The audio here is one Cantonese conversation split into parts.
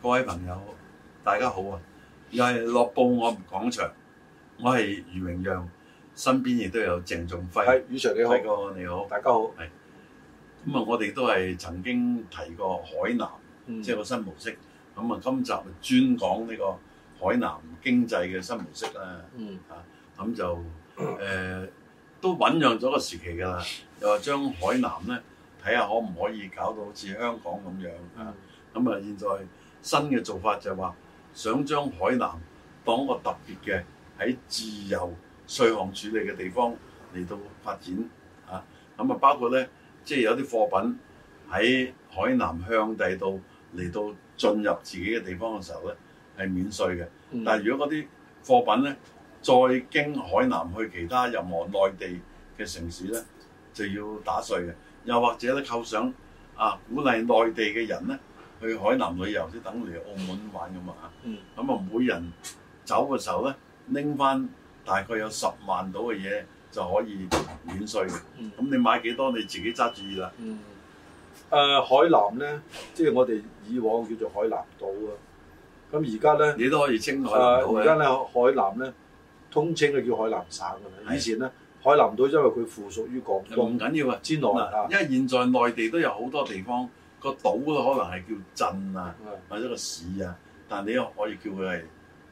各位朋友，大家好啊！又係樂報我們講場，我係余榮陽，身邊亦都有鄭仲輝，係余 Sir 你好，輝哥你好，大家好。咁啊，我哋都係曾經提過海南，嗯、即係個新模式。咁啊，今集專講呢個海南經濟嘅新模式啦。嗯啊，咁就誒。呃都醞釀咗個時期㗎啦，又話將海南咧睇下可唔可以搞到好似香港咁樣啊？咁啊、嗯，現在新嘅做法就話想將海南當一個特別嘅喺自由稅項處理嘅地方嚟到發展啊。咁啊，包括咧即係有啲貨品喺海南向第度嚟到進入自己嘅地方嘅時候咧係免稅嘅，嗯、但係如果嗰啲貨品咧，再經海南去其他任何內地嘅城市咧，就要打稅嘅。又或者咧，扣上啊，鼓勵內地嘅人咧，去海南旅遊，即等嚟澳門玩咁啊嚇。咁、嗯、啊，每人走嘅時候咧，拎翻大概有十萬到嘅嘢就可以免稅嘅。咁你買幾多你自己揸主意啦。嗯、啊。海南咧，即、就、係、是、我哋以往叫做海南島啊。咁而家咧，你都可以稱佢啊。而家咧，海南咧。啊通稱啊叫海南省㗎啦，以前咧的海南島因為佢附屬於廣東，唔緊要啊，之內啊，因為現在內地都有好多地方個島咯，島可能係叫鎮啊，的或者個市啊，但你可以叫佢係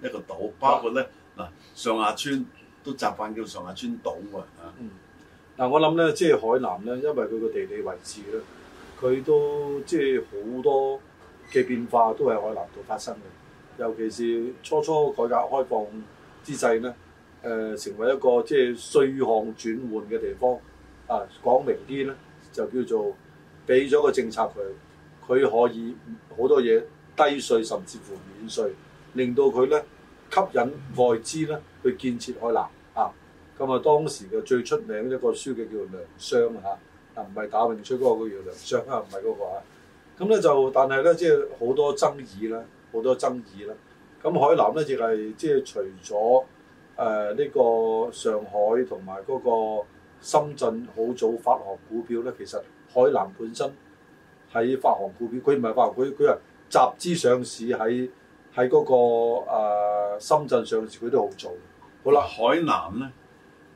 一個島。的包括咧嗱上下村都習慣叫上下村島啊。嚇。嗯，啊、我諗咧，即、就、係、是、海南咧，因為佢個地理位置咧，佢都即係好多嘅變化都係海南島發生嘅，尤其是初初改革開放之際咧。誒、呃、成為一個即係稅項轉換嘅地方，啊，講明啲咧就叫做俾咗個政策佢，佢可以好多嘢低稅甚至乎免稅，令到佢咧吸引外資咧去建設海南啊。咁啊，當時嘅最出名一個書記叫梁湘，啊，啊唔係打詠春嗰個叫梁湘，那個、啊，唔係嗰個啊。咁咧就但係咧即係好多爭議啦，好多爭議啦。咁、啊、海南咧亦係即係除咗誒呢、呃，這個上海同埋嗰個深圳好早發行股票咧，其實海南本身喺發行股票，佢唔係發行股票，佢係集資上市喺喺嗰個、呃、深圳上市，佢都好早。好啦，海南咧，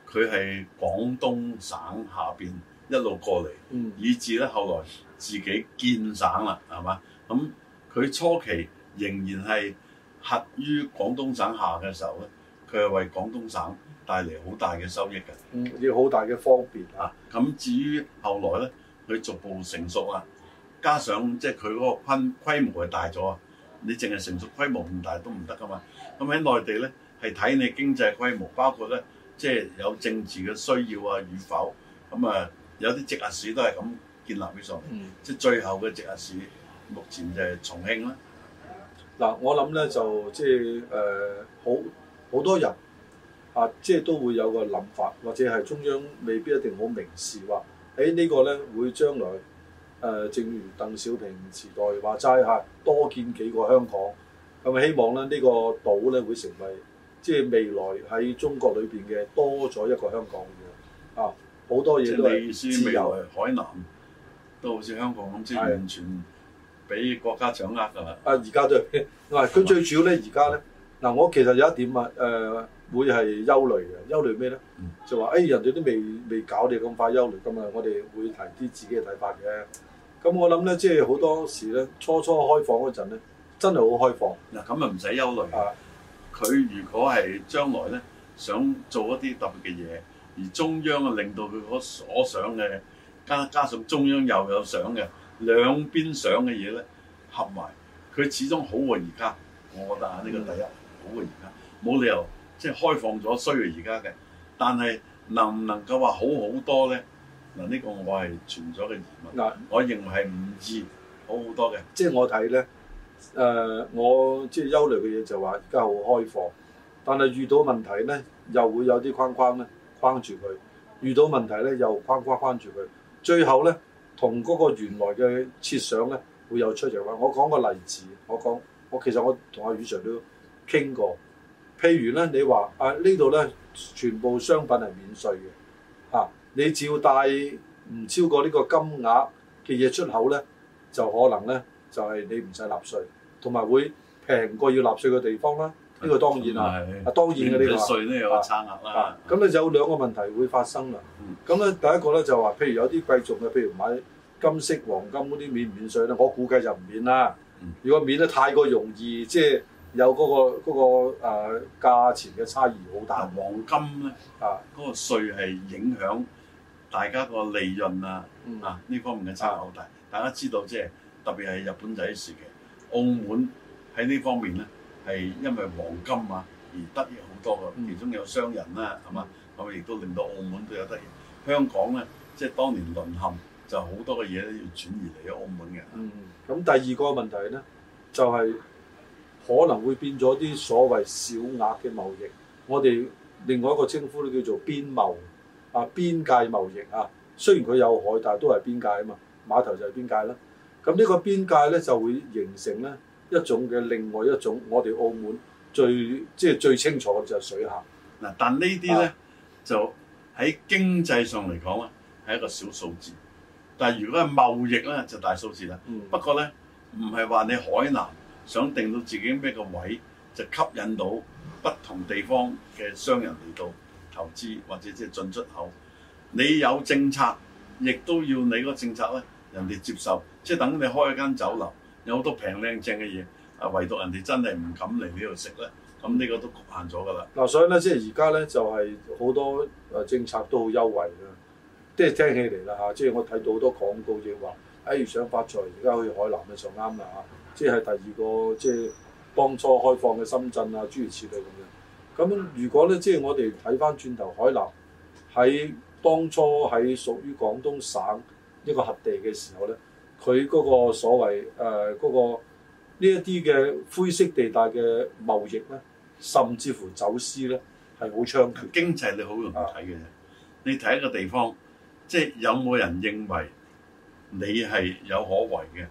佢係廣東省下邊一路過嚟，嗯、以至咧後來自己建省啦，係嘛？咁、嗯、佢初期仍然係隸於廣東省下嘅時候咧。佢係為廣東省帶嚟好大嘅收益嘅，嗯，要好大嘅方便啊。咁至於後來咧，佢逐步成熟啦，加上即係佢嗰個昆規模係大咗啊。你淨係成熟規模咁大都唔得噶嘛。咁喺內地咧，係睇你經濟規模，包括咧即係有政治嘅需要啊與否。咁啊，有啲直轄市都係咁建立起上嚟、嗯、即係最後嘅直轄市，目前就係重慶啦。嗱、嗯，我諗咧就即係誒、呃、好。好多人啊，即係都會有個諗法，或者係中央未必一定好明示話，誒、啊哎這個、呢個咧會將來誒、呃，正如鄧小平時代話齋嚇，多建幾個香港，咁、嗯、希望咧呢、這個島咧會成為即係未來喺中國裏邊嘅多咗一個香港嘅啊！好多嘢都係自由嘅，海南都好似香港，咁，即係完全俾國家掌握㗎喇。啊！而家都唔係佢最主要咧，而家咧。嗯嗱，我其實有一點啊，誒、呃、會係憂慮嘅，憂慮咩咧？嗯、就話誒、哎、人哋都未未搞你咁快，憂慮咁啊，我哋會提啲自己嘅睇法嘅。咁我諗咧，即係好多時咧，初初開放嗰陣咧，真係好開放。嗱，咁啊唔使憂慮啊。佢如果係將來咧，想做一啲特別嘅嘢，而中央啊令到佢所想嘅，加加上中央又有想嘅，兩邊想嘅嘢咧合埋，佢始終好過而家，我覺得呢個第一。嗯而家冇理由即係開放咗衰啊而家嘅，但係能唔能夠話好好多咧？嗱、這、呢個我係存咗嘅疑問。嗱那，我認為係唔易好好多嘅、呃。即係我睇咧，誒我即係憂慮嘅嘢就話而家好開放，但係遇到問題咧又會有啲框框咧框住佢。遇到問題咧又框框框住佢，最後咧同嗰個原來嘅設想咧會有出入。我講個例子，我講我其實我同阿宇 sir 都。傾過，譬如咧，你話啊呢度咧，全部商品係免稅嘅，嚇、啊、你照帶唔超過呢個金額嘅嘢出口咧，就可能咧就係、是、你唔使納稅，同埋會平過要納稅嘅地方啦。呢、這個當然係、啊，當然嘅呢個。免稅咧有差額啦。咁咧、啊啊、有兩個問題會發生啦。咁咧、嗯、第一個咧就話，譬如有啲貴重嘅，譬如買金色、黃金嗰啲免唔免稅咧？我估計就唔免啦。嗯、如果免得太過容易，即係。有嗰、那個嗰、那個誒、呃、價錢嘅差異好大，黃金咧啊嗰個稅係影響大家個利潤啊、嗯、啊呢方面嘅差異好大，嗯、大家知道即、就、係、是、特別係日本仔時嘅，澳門喺呢方面咧係因為黃金啊而得益好多嘅，其中有商人啦、啊，係嘛，咁亦都令到澳門都有得益。香港咧即係當年淪陷就好多嘅嘢咧要轉移嚟咗澳門嘅。嗯，咁第二個問題咧就係、是。可能會變咗啲所謂小額嘅貿易，我哋另外一個稱呼都叫做邊貿啊，邊界貿易啊。雖然佢有海，但係都係邊界啊嘛，碼頭就係邊界啦。咁呢個邊界咧就會形成咧一種嘅另外一種，我哋澳門最即係最清楚嘅就係水客嗱。但呢啲咧、啊、就喺經濟上嚟講咧係一個小數字，但係如果係貿易咧就大數字啦、嗯。不過咧唔係話你海南。想定到自己咩個位，就吸引到不同地方嘅商人嚟到投資，或者即係進出口。你有政策，亦都要你嗰個政策咧，人哋接受。即係等你開一間酒樓，有好多平靚正嘅嘢，啊，唯獨人哋真係唔敢嚟呢度食咧，咁呢個都局限咗㗎啦。嗱，所以咧，即係而家咧，就係好多誒政策都好優惠啦，即係聽起嚟啦嚇，即係我睇到好多廣告嘅話。譬如想發財，而家去海南咧就啱啦嚇，即係第二個，即係當初開放嘅深圳啊、諸如此類咁樣。咁如果咧，即係我哋睇翻轉頭海南喺當初喺屬於廣東省一個核地嘅時候咧，佢嗰個所謂誒嗰、呃嗰個呢一啲嘅灰色地帶嘅貿易咧，甚至乎走私咧，係好猖獗。經濟你好容易睇嘅啫，的你睇一個地方，即係有冇人認為？你係有可為嘅，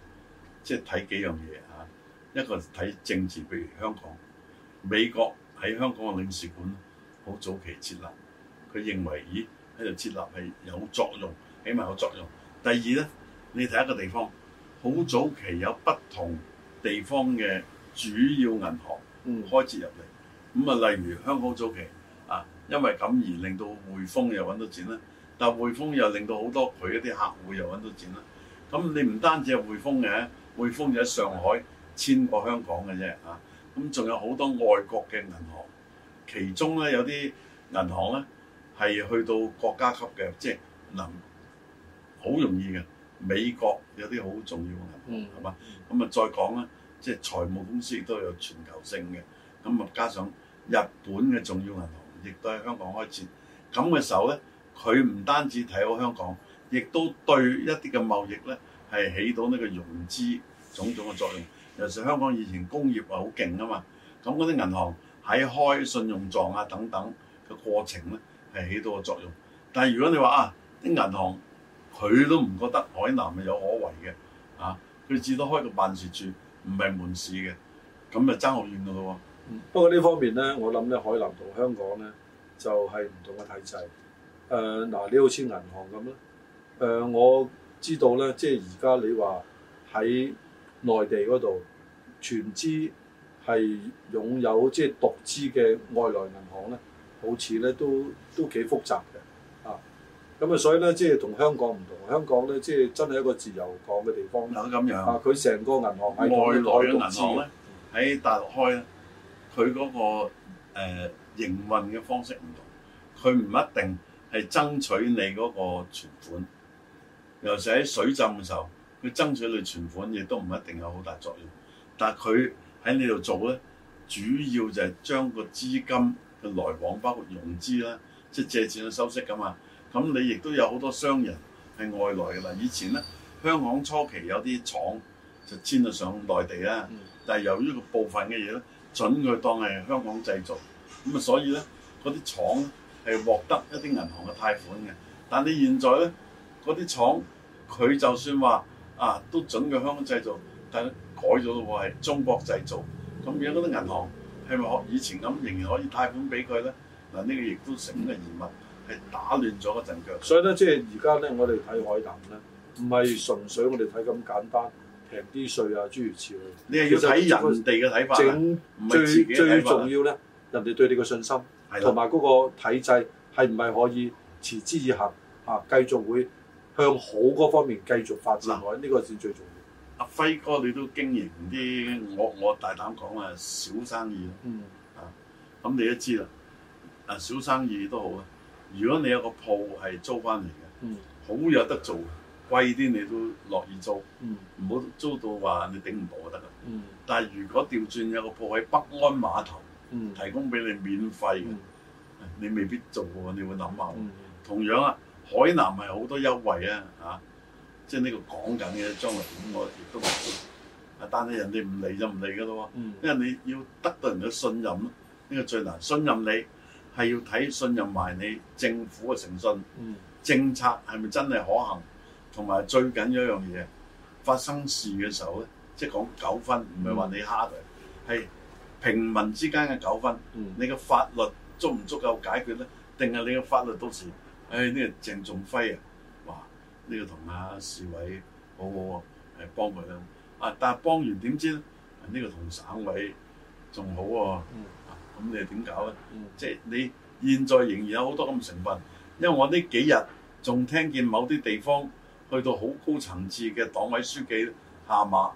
即係睇幾樣嘢嚇。一個係睇政治，譬如香港、美國喺香港嘅領事館，好早期設立，佢認為咦喺度設立係有作用，起碼有作用。第二咧，你睇一個地方，好早期有不同地方嘅主要銀行開設入嚟，咁啊，例如香港早期啊，因為咁而令到匯豐又搵到錢啦。但匯豐又令到好多佢一啲客戶又揾到錢啦。咁你唔單止係匯豐嘅，匯豐就喺上海遷過香港嘅啫嚇。咁、啊、仲有好多外國嘅銀行，其中咧有啲銀行咧係去到國家級嘅，即係能好容易嘅。美國有啲好重要嘅銀行係嘛？咁啊、嗯、再講啦，即係財務公司亦都有全球性嘅。咁啊加上日本嘅重要銀行亦都喺香港開設，咁嘅時候咧。佢唔單止睇好香港，亦都對一啲嘅貿易呢係起到呢個融資種種嘅作用。尤其香港以前工業係好勁啊嘛，咁嗰啲銀行喺開信用狀啊等等嘅過程呢係起到嘅作用。但係如果你話啊，啲銀行佢都唔覺得海南係有可為嘅啊，佢至多開個辦事處，唔係門市嘅，咁咪爭好遠咯喎。嗯，不過呢方面呢，我諗咧海南同香港呢就係唔同嘅體制。誒嗱、呃，你好似銀行咁啦。誒、呃，我知道咧，即係而家你話喺內地嗰度全資係擁有即係獨資嘅外來銀行咧，好似咧都都幾複雜嘅啊。咁啊，所以咧即係同香港唔同，香港咧即係真係一個自由港嘅地方。咁樣啊，佢成個銀行喺外外資銀行喺資、嗯、大陸開咧，佢嗰、嗰個誒、呃、營運嘅方式唔同，佢唔一定。係爭取你嗰個存款，尤其喺水浸嘅時候，佢爭取你存款亦都唔一定有好大作用。但係佢喺你度做咧，主要就係將個資金嘅來往，包括融資啦，即係借錢去收息㗎嘛。咁你亦都有好多商人係外來㗎啦。以前咧，香港初期有啲廠就遷咗上內地啦，嗯、但係由於個部分嘅嘢咧，準佢當係香港製造，咁啊，所以咧嗰啲廠係獲得一啲銀行嘅貸款嘅，但你現在咧嗰啲廠，佢就算話啊都準嘅香港製造，但改咗咯喎，係中國製造。咁而家嗰啲銀行係咪學以前咁，仍然可以貸款俾佢咧？嗱，呢個亦都成個疑問，係打亂咗個陣腳。所以咧，即係而家咧，我哋睇海南咧，唔係純粹我哋睇咁簡單，平啲稅啊諸如此類。你係要睇人哋嘅睇法，唔係自己嘅睇法啦。人哋對你個信心，同埋嗰個體制係唔係可以持之以恒，啊？繼續會向好嗰方面繼續發展，呢個先最重要。阿輝哥，你都經營啲，我我大膽講、嗯、啊，小生意啊，咁你都知啦。啊，小生意都好啊。如果你有個鋪係租翻嚟嘅，好、嗯、有得做，嗯、貴啲你都樂意租，唔好、嗯、租到話你頂唔到就得啦。嗯、但係如果調轉有個鋪喺北安碼頭。嗯、提供俾你免費嘅，嗯、你未必做喎。你會諗下、嗯嗯、同樣啊，海南係好多優惠啊，嚇！即係呢個講緊嘅，將來點我亦都唔知。但係人哋唔嚟就唔嚟嘅咯。嗯、因為你要得到人嘅信任，呢、呢個最難。信任你係要睇信任埋你政府嘅誠信，嗯、政策係咪真係可行？同埋最緊要一樣嘢，發生事嘅時候咧，即係講糾紛，唔係話你蝦佢係。平民之間嘅糾紛，你嘅法律足唔足夠解決咧？定係你嘅法律到時，誒、哎、呢個鄭仲輝啊，話呢個同啊市委好好喎，係幫佢啦。啊，但係幫完點知咧？呢個同省委仲好喎。嗯、啊，咁你點搞咧？即係你現在仍然有好多咁嘅成分，因為我呢幾日仲聽見某啲地方去到好高層次嘅黨委書記下馬。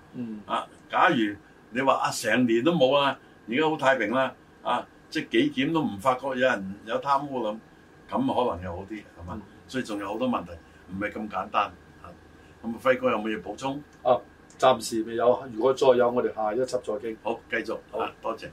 啊，假如你話啊，成年都冇啊！而家好太平啦，啊，即係紀檢都唔發覺有人有貪污咁，咁可能又好啲係嘛？嗯、所以仲有好多問題，唔係咁簡單啊。咁輝哥有冇嘢補充？啊，暫時未有。如果再有，我哋下一輯再傾。好，繼續。好、啊，多謝。